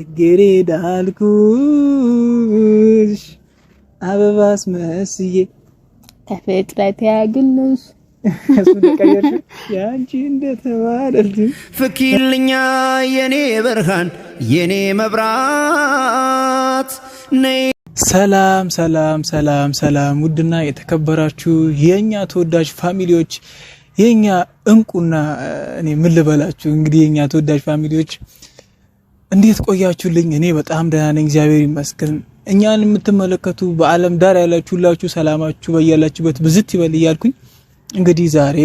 ጽጌሬዳ አልኩሽ አበባስ መስዬ ተፈጥረት ያግልሽ ያንቺ እንደተባለል ፍኪልኛ የኔ ብርሃን የኔ መብራት ነይ። ሰላም ሰላም ሰላም ሰላም! ውድና የተከበራችሁ የኛ ተወዳጅ ፋሚሊዎች የኛ እንቁና እኔ ምን ልበላችሁ እንግዲህ የኛ ተወዳጅ ፋሚሊዎች እንዴት ቆያችሁልኝ? እኔ በጣም ደህና ነኝ፣ እግዚአብሔር ይመስገን። እኛን የምትመለከቱ በዓለም ዳር ያላችሁ ሁላችሁ ሰላማችሁ በያላችሁበት ብዝት ይበል እያልኩኝ እንግዲህ ዛሬ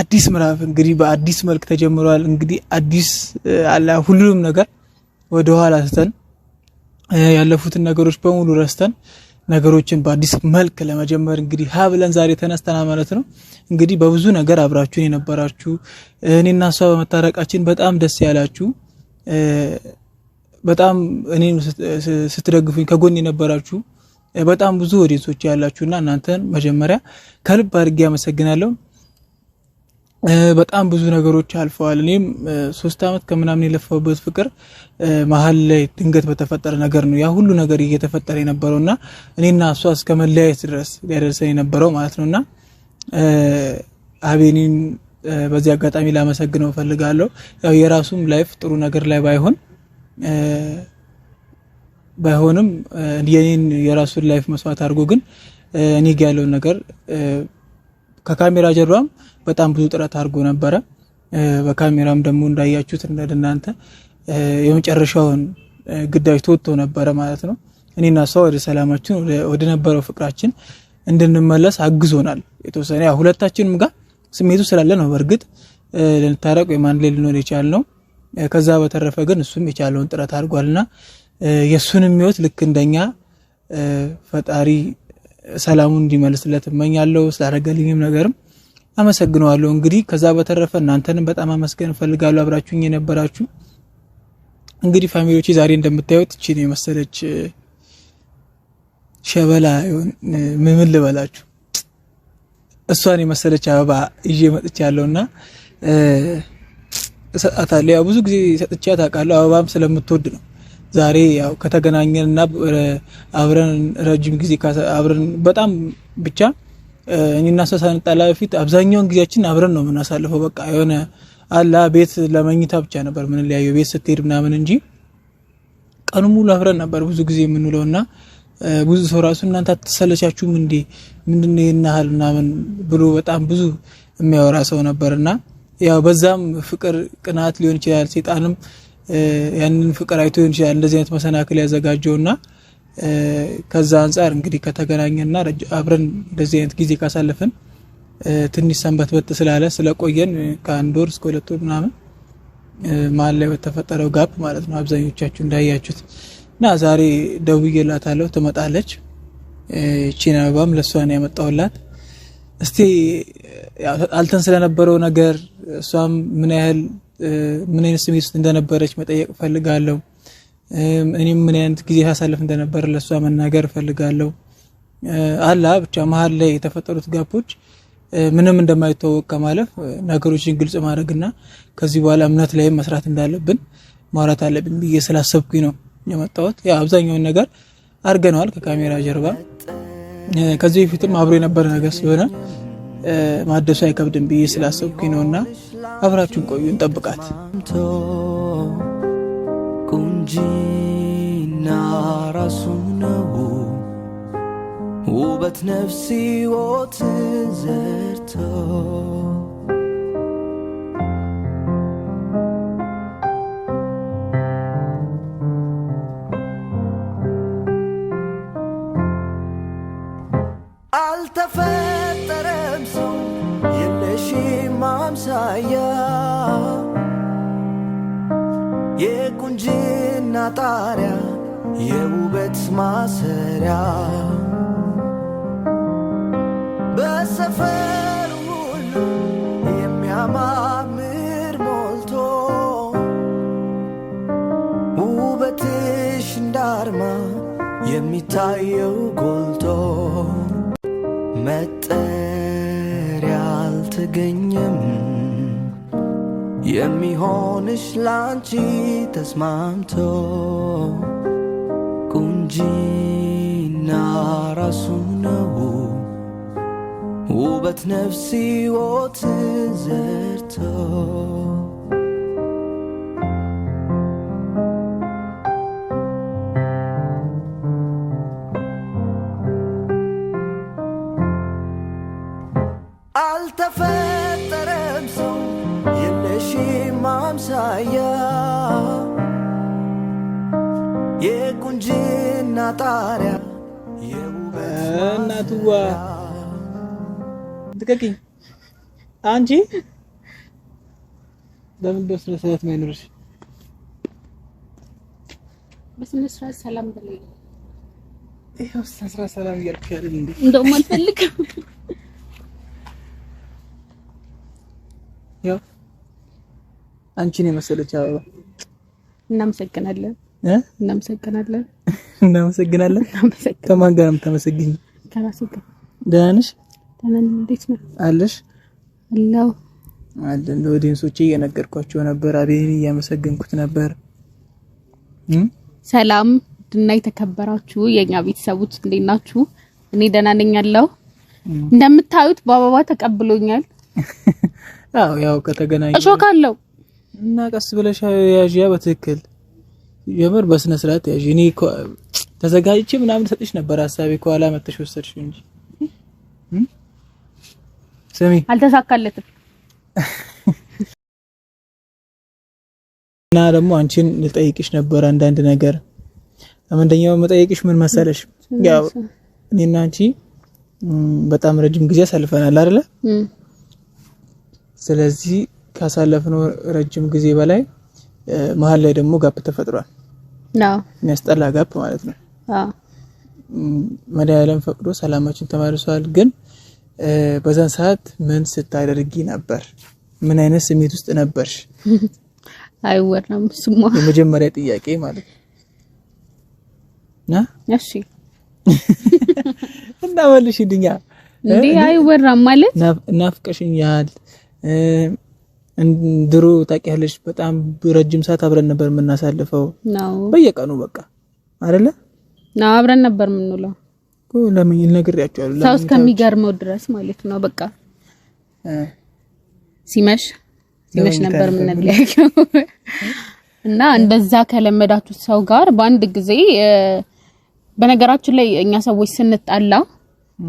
አዲስ ምዕራፍ እንግዲህ በአዲስ መልክ ተጀምሯል። እንግዲህ አዲስ አለ ሁሉንም ነገር ወደ ኋላ ስተን ያለፉትን ነገሮች በሙሉ ረስተን ነገሮችን በአዲስ መልክ ለመጀመር እንግዲህ ሀ ብለን ዛሬ ተነስተና ማለት ነው። እንግዲህ በብዙ ነገር አብራችሁን የነበራችሁ እኔና እሷ በመታረቃችን በጣም ደስ ያላችሁ በጣም እኔም ስትደግፉኝ ከጎን የነበራችሁ በጣም ብዙ ወዴቶች ያላችሁና እናንተን መጀመሪያ ከልብ አድርጌ አመሰግናለሁ። በጣም ብዙ ነገሮች አልፈዋል። እኔም ሶስት አመት ከምናምን የለፋሁበት ፍቅር መሀል ላይ ድንገት በተፈጠረ ነገር ነው ያ ሁሉ ነገር እየተፈጠረ የነበረውና እኔና እሷ እስከ መለያየት ድረስ ሊያደርሰን የነበረው ማለት እና አቤኒን በዚህ አጋጣሚ ላመሰግነው እፈልጋለሁ። ያው የራሱም ላይፍ ጥሩ ነገር ላይ ባይሆን ባይሆንም የኔን የራሱን ላይፍ መስዋዕት አድርጎ ግን እኔ ጋ ያለውን ነገር ከካሜራ ጀርባም በጣም ብዙ ጥረት አድርጎ ነበረ። በካሜራም ደግሞ እንዳያችሁት እንደናንተ የመጨረሻውን ግዳጅ ተወጥቶ ነበረ ማለት ነው። እኔና እሷ ወደ ሰላማችን ወደ ነበረው ፍቅራችን እንድንመለስ አግዞናል። የተወሰነ ሁለታችንም ጋር ስሜቱ ስላለ ነው። በእርግጥ ልንታረቅ ወይም አንድ ላይ ልንሆን የቻልነው። ከዛ በተረፈ ግን እሱም የቻለውን ጥረት አድርጓልና የእሱንም ህይወት ልክ እንደኛ ፈጣሪ ሰላሙን እንዲመልስለት እመኛለሁ። ስላደረገልኝም ነገርም አመሰግነዋለሁ። እንግዲህ ከዛ በተረፈ እናንተንም በጣም አመስገን እፈልጋለሁ፣ አብራችሁኝ የነበራችሁ እንግዲህ ፋሚሊዎች ዛሬ እንደምታዩት እቺ የመሰለች ሸበላ ምምን ልበላችሁ እሷን የመሰለች አበባ ይዤ ያለውና እሰጣታለሁ። ያው ብዙ ጊዜ ሰጥቻ አውቃለሁ። አበባም ስለምትወድ ነው። ዛሬ ያው ከተገናኘንና አብረን ረጅም ጊዜ አብረን በጣም ብቻ እኔና እሷ ሳንጣላ በፊት አብዛኛውን ጊዜያችን አብረን ነው የምናሳልፈው። በቃ የሆነ አላ ቤት ለመኝታ ብቻ ነበር ምን ለያየው ቤት ስትሄድ ምናምን እንጂ ቀኑ ሙሉ አብረን ነበር ብዙ ጊዜ የምንውለውና ብዙ ሰው ራሱ እናንተ አትሰለቻችሁም እንዴ ምንድን ይናሃል ምናምን ብሎ በጣም ብዙ የሚያወራ ሰው ነበርና ያው በዛም ፍቅር ቅናት ሊሆን ይችላል። ሴጣንም ያንን ፍቅር አይቶ ሊሆን ይችላል እንደዚህ አይነት መሰናክል ያዘጋጀውና ከዛ አንጻር እንግዲህ ከተገናኘና አብረን እንደዚህ አይነት ጊዜ ካሳለፍን ትንሽ ሰንበት በት ስላለ ስለቆየን ከአንድ ወር እስከ ሁለት ወር ምናምን መሀል ላይ በተፈጠረው ጋፕ ማለት ነው አብዛኞቻችሁ እንዳያችሁት እና ዛሬ ደውዬላታለሁ ትመጣለች። ቺን አበባም ለእሷን ያመጣውላት እስቲ አልተን ስለነበረው ነገር እሷም ምን ያህል ምን አይነት ስሜት ውስጥ እንደነበረች መጠየቅ እፈልጋለሁ። እኔም ምን አይነት ጊዜ ሳሳለፍ እንደነበረ ለእሷ መናገር እፈልጋለሁ። አላ ብቻ መሀል ላይ የተፈጠሩት ጋፖች ምንም እንደማይታወቅ ከማለፍ ነገሮችን ግልጽ ማድረግና ከዚህ በኋላ እምነት ላይም መስራት እንዳለብን ማውራት አለብን ብዬ ስላሰብኩኝ ነው። የመጣሁት። አብዛኛውን ነገር አድርገነዋል ከካሜራ ጀርባ። ከዚህ በፊትም አብሮ የነበረ ነገር ስለሆነ ማደሱ አይከብድም ብዬ ስላሰብኩ ነው እና አብራችሁን ቆዩ፣ እንጠብቃት ቁንጂና ነው ውበት ነፍሲ ወት ዘርተው ጣሪያ የውበት ማሰሪያ በሰፈር ሁሉ የሚያማምር ሞልቶ ውበትሽ እንዳርማ የሚታየው ጎል የሚሆንሽ ላንቺ ተስማምቶ ቁንጂና ራሱ ነው ውበት ነፍሲ ወት ዘርተው ልቀቂኝ። አንቺ ለምን ደስ መስራት ማይኖርሽ? በስነ ስርዓት ሰላም በለኝ። ይሄው ስነ ስርዓት ሰላም እያልኩሽ አይደል እንዴ? እንደውም አልፈልግም። ያው አንቺን የመሰለች አበባ እናመሰግናለን። እናመሰግናለን። እናመሰግናለን። ከማን ጋር ነው የምታመሰግኝ? ከራሴ ጋር። ደህና ነሽ? እንዴት ነው አለሽ? አለው አለን። ለኦዲየንሶቼ እየነገርኳቸው ነበር። አቤል እያመሰገንኩት ነበር። ሰላም ድና የተከበራችሁ የኛ ቤተሰቦች እንዴት ናችሁ? እኔ ደህና ነኝ አለው። እንደምታዩት በአበባ ተቀብሎኛል። አዎ ያው ከተገናኘ እሾካለሁ እና ቀስ ብለሽ ያዥያ በትክክል የምር በስነ ስርዓት ያዥ። እኔ ተዘጋጅቼ ምናምን ሰጥሽ ነበር ሀሳቤ፣ ከኋላ መተሽ ወሰድሽ እንጂ ስሚ አልተሳካለትም። እና ደግሞ አንቺን ልጠይቅሽ ነበር አንዳንድ ነገር። ለምንደኛው መጠየቅሽ ምን መሰለሽ፣ ያው እኔና አንቺ በጣም ረጅም ጊዜ አሳልፈናል አይደለ? ስለዚህ ካሳለፍነው ረጅም ጊዜ በላይ መሀል ላይ ደግሞ ጋፕ ተፈጥሯል። የሚያስጠላ ጋፕ ማለት ነው። መድኃኒዓለም ፈቅዶ ሰላማችን ተመልሷል ግን በዛን ሰዓት ምን ስታደርጊ ነበር? ምን አይነት ስሜት ውስጥ ነበርሽ? አይወራም ስሟ የመጀመሪያ ጥያቄ ማለት ነው። እሺ እና ድኛ እንዴ። አይወራም ማለት ናፍቀሽኛል። ድሮ ታውቂያለሽ፣ በጣም ረጅም ሰዓት አብረን ነበር የምናሳልፈው በየቀኑ በቃ አይደለ? አብረን ነበር የምንውለው ለምን ነግሬያቸዋለሁ። ሰው እስከሚገርመው ድረስ ማለት ነው። በቃ ሲመሽ ሲመሽ ነበር የምንለያየው እና እንደዛ ከለመዳችሁት ሰው ጋር በአንድ ጊዜ በነገራችን ላይ እኛ ሰዎች ስንጣላ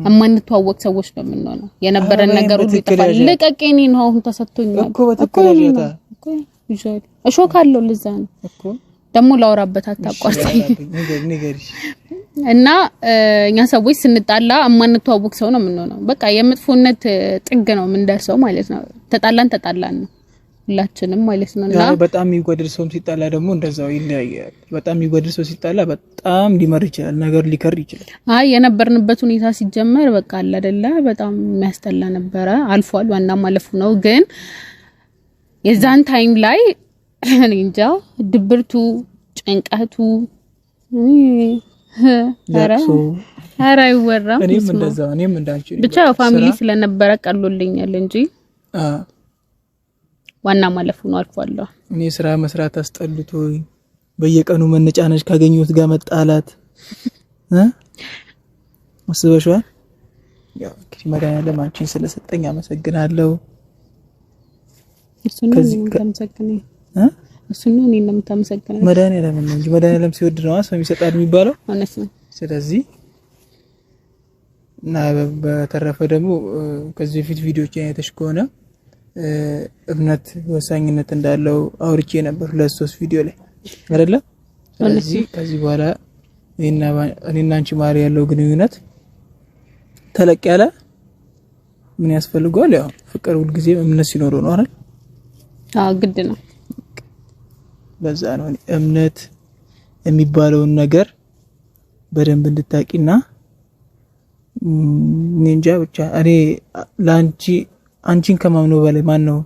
የማንተዋወቅ ሰዎች ነው የምንሆነው። የነበረን ነገር ሁሉ ይጠፋል። ልቀቄኔ ነው አሁን ተሰጥቶኛል እኮ እሾካለሁ። ልዛ ነው ደግሞ ላውራበት አታቋርጠኝ እና እኛ ሰዎች ስንጣላ የማንተዋወቅ ሰው ነው የምንሆነው። በቃ የመጥፎነት ጥግ ነው የምንደርሰው ማለት ነው። ተጣላን ተጣላን ነው ሁላችንም ማለት ነው። እና በጣም የሚጎድል ሰውም ሲጣላ ደግሞ እንደዛው ይለያያል። በጣም የሚጎድል ሰው ሲጣላ በጣም ሊመር ይችላል፣ ነገር ሊከር ይችላል። አይ የነበርንበት ሁኔታ ሲጀመር በቃ አለ አይደለ፣ በጣም የሚያስጠላ ነበረ። አልፏል፣ ዋና ማለፉ ነው። ግን የዛን ታይም ላይ እንጃ ድብርቱ፣ ጭንቀቱ ኧረ አይወራም። ብቻ ፋሚሊ ስለነበረ ቀሎልኛል እንጂ ዋና ማለፍ ነው አልፏለሁ። እኔ ስራ መስራት አስጠልቶ በየቀኑ መነጫነች ካገኘሁት ጋር መጣላት አስበሽዋል። ያው መድኃኒዓለም አንቺን ስለሰጠኝ አመሰግናለሁ። እሱ እኔ እንደምታመሰግነው መድኃኒዓለም ነው እንጂ መድኃኒዓለም ሲወድ ነው ሰው የሚሰጣል የሚባለው እውነት ነው። ስለዚህ እና በተረፈ ደግሞ ከዚህ በፊት አይተሽ ከሆነ እምነት ወሳኝነት እንዳለው አውርቼ ነበር ሁለት ሶስት ቪዲዮ ላይ አይደለ? ስለዚህ ከዚህ በኋላ እኔና አንቺ ማሪ ያለው ግንኙነት ተለቅ ያለ ምን ያስፈልገዋል? ያው ፍቅር ሁልጊዜም እምነት ሲኖረው ነው አይደል? አዎ ግድ ነው። ለዛ ነው እምነት የሚባለውን ነገር በደንብ እንድታቂና እንጃ ብቻ እኔ ለአንቺ አንቺን ከማምኖ በላይ ማን ነው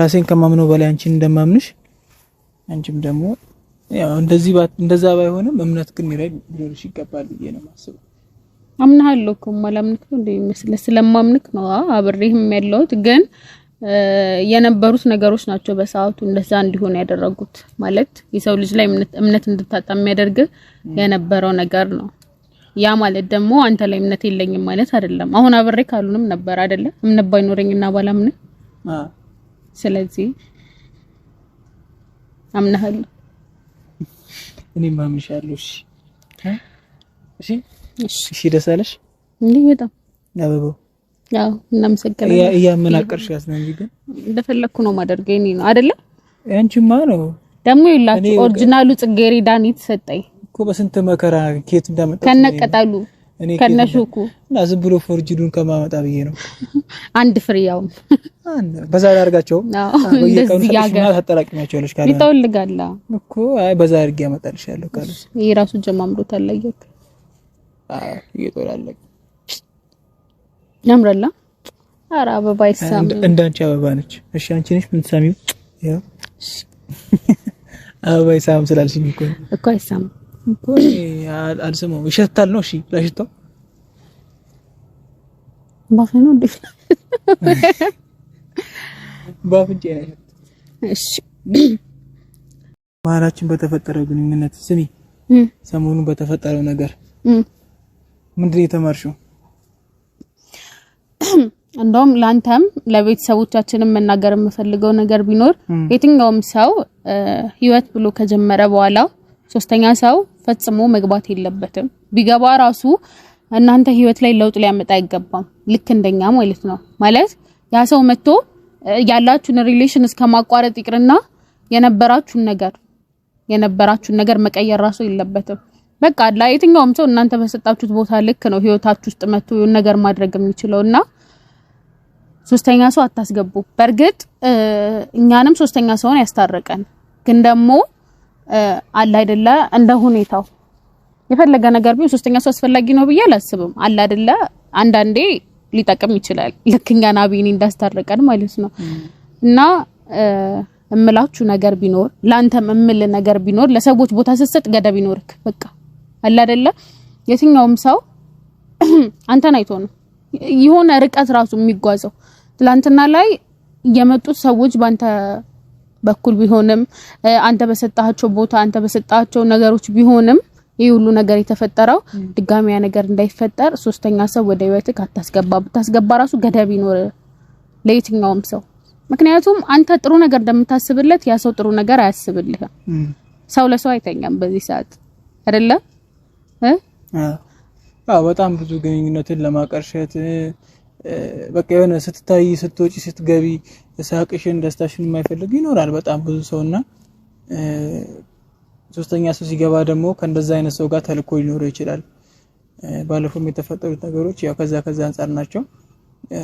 ራሴን ከማምኖ በላይ አንቺን እንደማምንሽ አንቺም ደግሞ ያው እንደዚህ ባት እንደዛ ባይሆንም እምነት ግን ይረድ ሊኖርሽ ይገባል ብዬ ነው የማስበው። አምናለሁ እኮ ማላምንክ እንደ ስለማምንክ ነው አብሬህም ያለሁት ግን የነበሩት ነገሮች ናቸው በሰዓቱ እንደዛ እንዲሆን ያደረጉት። ማለት የሰው ልጅ ላይ እምነት እንድታጣ የሚያደርግ የነበረው ነገር ነው። ያ ማለት ደግሞ አንተ ላይ እምነት የለኝም ማለት አይደለም። አሁን አብሬ ካሉንም ነበር አይደለም እምነት ባይኖረኝና ባላምን። ስለዚህ አምናሃል፣ እኔም አምንሻለሁ። እሺ እሺ እሺ፣ ደስ አለሽ እንዴ? በጣም አበባው ያው እናመሰግናለን። እያመናቀርሽ ያስ ነው ግን እንደፈለኩ ነው ማደርገኝ የእኔ ነው አይደለ? አንቺማ ነው ደግሞ ይላችሁ። ኦሪጂናሉ ጽጌረዳ ነው የተሰጠኝ እኮ በስንት መከራ ኬት እንዳመጣ ከነቀጣሉ ከነሹኩ እና ዝም ብሎ ፎርጅዱን ከማመጣ ብዬ ነው። አንድ ፍሬ ያው አንድ በዛ አድርጋቸው እንደዚህ ያገር ታጠራቅሚያቸው ልሽ ካለ ይተውልጋላ እኮ አይ በዛ አድርጌ ያመጣልሻለሁ ካለ ይሄ ራሱ ጀማምሮታል። አየክ አይ ይጦላል ያምራላ። ኧረ አበባ ይሳም እንዳንቺ አበባ ነች። እሺ አንቺ ነሽ ምን ሳሚው? ያው አበባ ይሳም ስላልሽኝ እኮ እኮ አይሳም እኮ አልሰማሁም። ይሸታል ነው። እሺ ለሽቶ ባፌ ነው እንዴ? ባፍንጭ ነው። እሺ መሀላችን በተፈጠረው ግንኙነት ስሚ፣ ሰሞኑን በተፈጠረው ነገር ምንድን ነው የተማርሽው? እንደውም ለአንተም ለቤተሰቦቻችንም መናገር የምፈልገው ነገር ቢኖር የትኛውም ሰው ህይወት ብሎ ከጀመረ በኋላ ሶስተኛ ሰው ፈጽሞ መግባት የለበትም። ቢገባ ራሱ እናንተ ህይወት ላይ ለውጥ ሊያመጣ አይገባም። ልክ እንደኛ ማለት ነው። ማለት ያ ሰው መጥቶ ያላችሁን ሪሌሽን እስከ ማቋረጥ ይቅርና የነበራችሁን ነገር የነበራችሁን ነገር መቀየር ራሱ የለበትም። በቃ የትኛውም ሰው እናንተ በሰጣችሁት ቦታ ልክ ነው ህይወታችሁ ውስጥ መጥቶ ነገር ማድረግ የሚችለው እና ሶስተኛ ሰው አታስገቡ። በእርግጥ እኛንም ሶስተኛ ሰውን ያስታረቀን ግን ደግሞ አለ አይደለ እንደ ሁኔታው የፈለገ ነገር ቢሆን ሶስተኛ ሰው አስፈላጊ ነው ብዬ አላስብም። አለ አይደለ አንዳንዴ ሊጠቅም ይችላል። ልክ እኛን እንዳስታረቀን ማለት ነው እና እምላችሁ ነገር ቢኖር ላንተም እምል ነገር ቢኖር ለሰዎች ቦታ ስትሰጥ ገደብ ይኖርክ። በቃ አለ አይደለ የትኛውም ሰው አንተን አይቶ ነው የሆነ ርቀት ራሱ የሚጓዘው ትላንትና ላይ የመጡት ሰዎች በአንተ በኩል ቢሆንም አንተ በሰጣቸው ቦታ አንተ በሰጣቸው ነገሮች ቢሆንም ይህ ሁሉ ነገር የተፈጠረው ድጋሚ ያ ነገር እንዳይፈጠር ሶስተኛ ሰው ወደ ህይወትህ አታስገባ። ብታስገባ ራሱ ገደብ ይኖር ለየትኛውም ሰው። ምክንያቱም አንተ ጥሩ ነገር እንደምታስብለት ያ ሰው ጥሩ ነገር አያስብልህም። ሰው ለሰው አይተኛም በዚህ ሰዓት አይደለም። አዎ በጣም ብዙ ግንኙነትን ለማቀርሸት በቃ የሆነ ስትታይ ስትወጪ ስትገቢ ሳቅሽን ደስታሽን የማይፈልግ ይኖራል በጣም ብዙ ሰው እና ሶስተኛ ሰው ሲገባ ደግሞ ከእንደዛ አይነት ሰው ጋር ተልኮ ሊኖረው ይችላል። ባለፈውም የተፈጠሩት ነገሮች ያው ከዛ ከዛ አንጻር ናቸው።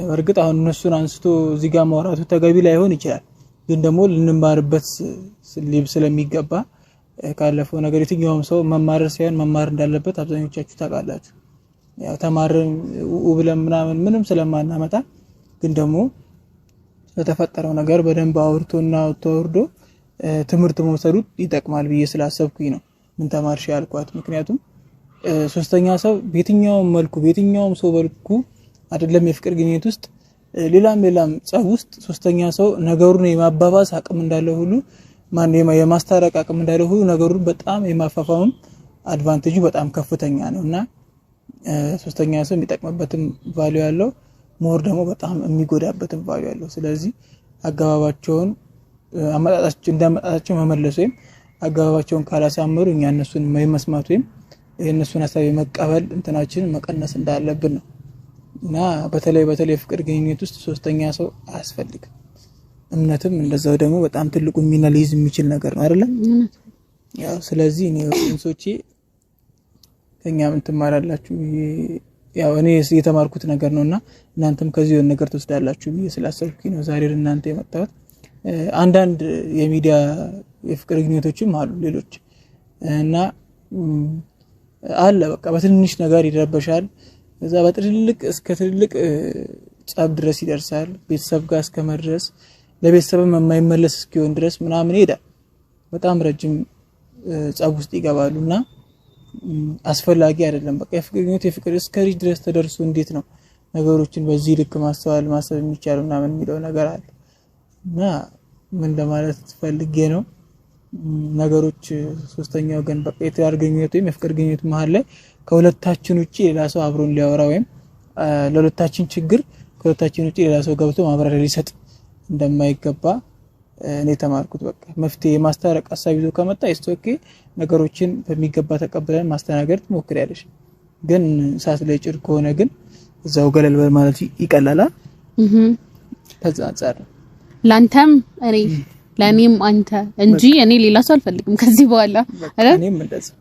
በእርግጥ አሁን እነሱን አንስቶ እዚህ ጋር ማውራቱ ተገቢ ላይሆን ይችላል፣ ግን ደግሞ ልንማርበት ስለሚገባ ካለፈው ነገር የትኛውም ሰው መማር ሳይሆን መማር እንዳለበት አብዛኞቻችሁ ታውቃላችሁ። ያው ተማርን ብለን ምናምን ምንም ስለማናመጣ ግን ደግሞ ለተፈጠረው ነገር በደንብ አውርቶና ተወርዶ ትምህርት መውሰዱ ይጠቅማል ብዬ ስላሰብኩኝ ነው ምን ተማርሽ ያልኳት። ምክንያቱም ሶስተኛ ሰው በየትኛውም መልኩ በየትኛውም ሰው መልኩ አይደለም የፍቅር ግንኙነት ውስጥ ሌላም ሌላም ጸብ ውስጥ ሶስተኛ ሰው ነገሩን የማባባስ አቅም እንዳለ ሁሉ ማን የማስታረቅ አቅም እንዳለ ሁሉ ነገሩን በጣም የማፋፋምም አድቫንቴጁ በጣም ከፍተኛ ነው እና ሶስተኛ ሰው የሚጠቅምበትም ቫሉ ያለው ሞር ደግሞ በጣም የሚጎዳበትም ቫሉ ያለው። ስለዚህ አገባባቸውን እንዳመጣታቸው መመለስ ወይም አገባባቸውን ካላሳመሩ እኛ እነሱን የመስማት ወይም የእነሱን ሀሳብ የመቀበል እንትናችን መቀነስ እንዳለብን ነው እና በተለይ በተለይ ፍቅር ግንኙነት ውስጥ ሶስተኛ ሰው አያስፈልግም። እምነትም እንደዛው ደግሞ በጣም ትልቁ ሚና ሊይዝ የሚችል ነገር ነው አይደለም። ያው ስለዚህ እኔ ከኛ እንትማራላችሁ ያው እኔ የተማርኩት ነገር ነው እና እናንተም ከዚህ የሆነ ነገር ትወስዳላችሁ ብዬ ስላሰብኩኝ ነው ዛሬ እናንተ የመጣሁት። አንዳንድ የሚዲያ የፍቅር ግንኙነቶችም አሉ ሌሎች እና አለ በቃ በትንሽ ነገር ይረበሻል። እዛ በትልልቅ እስከ ትልልቅ ጸብ ድረስ ይደርሳል። ቤተሰብ ጋር እስከ መድረስ ለቤተሰብም የማይመለስ እስኪሆን ድረስ ምናምን ይሄዳል። በጣም ረጅም ጸብ ውስጥ ይገባሉ እና አስፈላጊ አይደለም። በቃ የፍቅር ግንኙነት የፍቅር እስከ ድረስ ተደርሶ እንዴት ነው ነገሮችን በዚህ ልክ ማስተዋል ማሰብ የሚቻለው ምናምን የሚለው ነገር አለ እና ምን ለማለት ፈልጌ ነው ነገሮች ሶስተኛ ወገን በቃ የትዳር ግንኙነት ወይም የፍቅር ግንኙነት መሀል ላይ ከሁለታችን ውጭ ሌላ ሰው አብሮን ሊያወራ ወይም ለሁለታችን ችግር ከሁለታችን ውጭ ሌላ ሰው ገብቶ ማብራሪያ ሊሰጥ እንደማይገባ እኔ ተማርኩት በቃ መፍትሄ የማስታረቅ ሀሳብ ይዞ ከመጣ ስቶኬ ነገሮችን በሚገባ ተቀብለን ማስተናገድ ትሞክሪያለሽ። ግን ሳት ላይ ጭር ከሆነ ግን እዛው ገለል በል ማለት ከዛ አንጻር ላንተም እኔ ለእኔም አንተ እንጂ እኔ ሌላ ሰው አልፈልግም ከዚህ በኋላ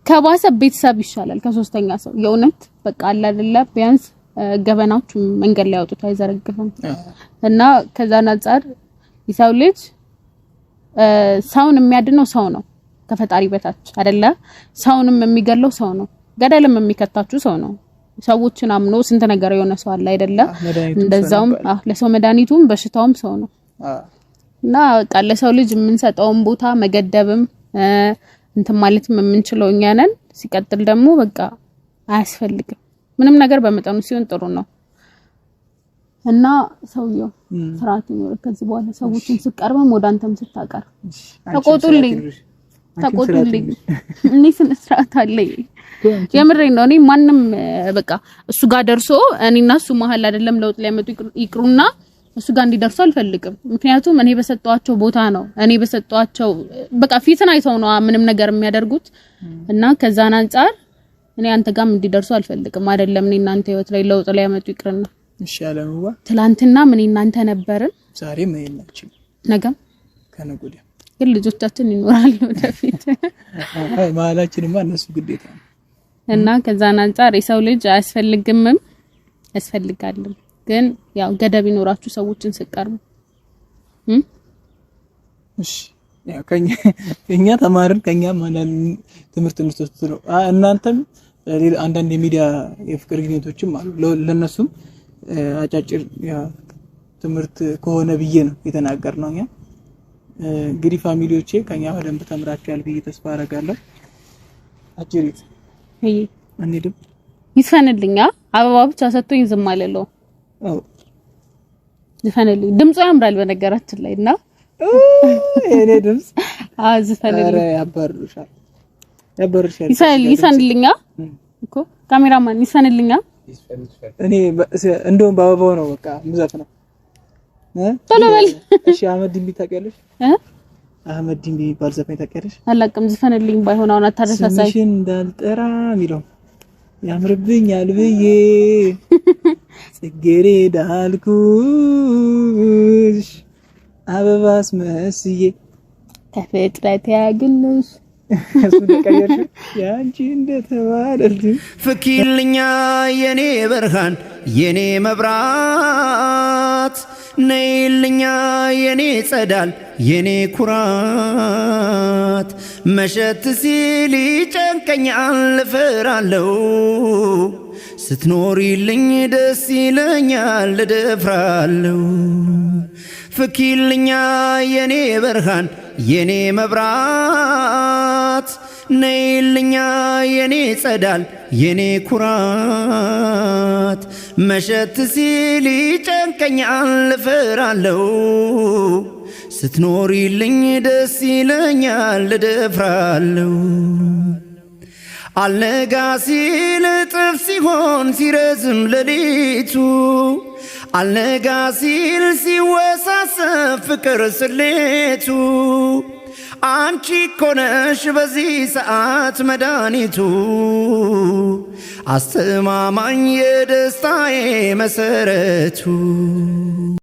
ከባሰ ቤተሰብ ይሻላል ከሶስተኛ ሰው የእውነት በቃ አለ ቢያንስ ገበናችሁ መንገድ ላይ ያወጡት አይዘረግፍም። እና ከዛን አንጻር የሰው ልጅ ሰውን የሚያድነው ሰው ነው ከፈጣሪ በታች አይደለ? ሰውንም የሚገለው ሰው ነው። ገደልም የሚከታችሁ ሰው ነው። ሰዎችን አምኖ ስንት ነገር የሆነ ሰው አለ አይደለ? እንደዛውም ለሰው መድኃኒቱም በሽታውም ሰው ነው እና በቃ ለሰው ልጅ የምንሰጠውን ቦታ መገደብም እንትን ማለትም የምንችለው እኛ ነን። ሲቀጥል ደግሞ በቃ አያስፈልግም ምንም ነገር በመጠኑ ሲሆን ጥሩ ነው። እና ሰውየው ስርዓት ይኖር። ከዚህ በኋላ ሰዎችን ስቀርበም ወደ አንተም ስታቀርብ ተቆጡልኝ፣ ተቆጡልኝ። እኔ ስነ ስርዓት አለኝ። የምሬ ነው። እኔ ማንም በቃ እሱ ጋር ደርሶ እኔና እሱ መሀል አይደለም ለውጥ ሊያመጡ ይቅሩና እሱ ጋር እንዲደርሱ አልፈልግም። ምክንያቱም እኔ በሰጠዋቸው ቦታ ነው እኔ በሰጠዋቸው በቃ ፊትን አይተው ነው ምንም ነገር የሚያደርጉት እና ከዛን አንጻር እኔ አንተ ጋርም እንዲደርሱ አልፈልግም። አይደለም እኔ እናንተ ህይወት ላይ ለውጥ ሊያመጡ ይቅርና እሺ አለምዋ፣ ትላንትና ምን እናንተ ነበርን። ዛሬ ምን እናችን፣ ነገም ከነገ ወዲያ ግን ልጆቻችን ይኖራሉ ወደፊት። አይ ማላችንማ እነሱ ግዴታ ነው እና ከዛን አንጻር የሰው ልጅ አያስፈልግምም ያስፈልጋልም። ግን ያው ገደብ ይኖራችሁ ሰዎችን ስቀርቡ እሺ ከኛ ተማርን ከኛ ማለት ትምህርት እንድትወስዱ ነው። እናንተም አንዳንድ የሚዲያ የፍቅር ግንኙነቶችም አሉ ለእነሱም አጫጭር ትምህርት ከሆነ ብዬ ነው የተናገር ነው። እኛ እንግዲህ ፋሚሊዎቼ ከኛ በደንብ ተምራችኋል ብዬ ተስፋ አደርጋለሁ። አጭሪት እይ አንሄድም ይፈንልኛ አበባ ብቻ ሰጥቶኝ ዝም አለለው። አዎ ይፈንልኝ። ድምፁ ያምራል በነገራችን ላይ እና እኔ ድምፅ አዎ ዝፈንልኝ። ያበርሻል ያበርሻል። ይፈንልኛ እኮ ካሜራማን ይፈንልኛ እኔ እንደውም በአበባው ነው በቃ የምዘፍነው። ቶሎ በል እሺ። አህመድ ድንቢ ታውቂያለሽ? አህመድ ድንቢ የሚባል ዘፈን ታውቂያለሽ? አላውቅም። ዝፈንልኝ። ባይሆን አሁን አታደርሳሳይ ስምሽን እንዳልጠራ የሚለው ያምርብኛል ብዬ ጽጌሬዳ አልኩሽ አበባስ መስዬ ተፈጥረት ያግልሽ ያንቺ ፍኪልኛ የኔ ብርሃን የኔ መብራት ነይልኛ የኔ ጸዳል የኔ ኩራት መሸት ሲል ይጨንቀኛል ስትኖር ስትኖሪልኝ ደስ ይለኛል ልደፍራለው ፍኪልኛ የኔ ብርሃን የኔ መብራት ነይልኛ የኔ ጸዳል የኔ ኩራት መሸት ሲል ይጨንቀኛል እፈራለሁ ስትኖሪልኝ ደስ ይለኛል እደፍራለሁ አልነጋ ሲል እጥፍ ሲሆን ሲረዝም ሌሊቱ አልነጋ ሲል ሲወሳሰብ ፍቅር ስሌቱ አንቺ እኮ በዚህ ሰዓት መድኃኒቱ አስተማማኝ የደስታዬ መሰረቱ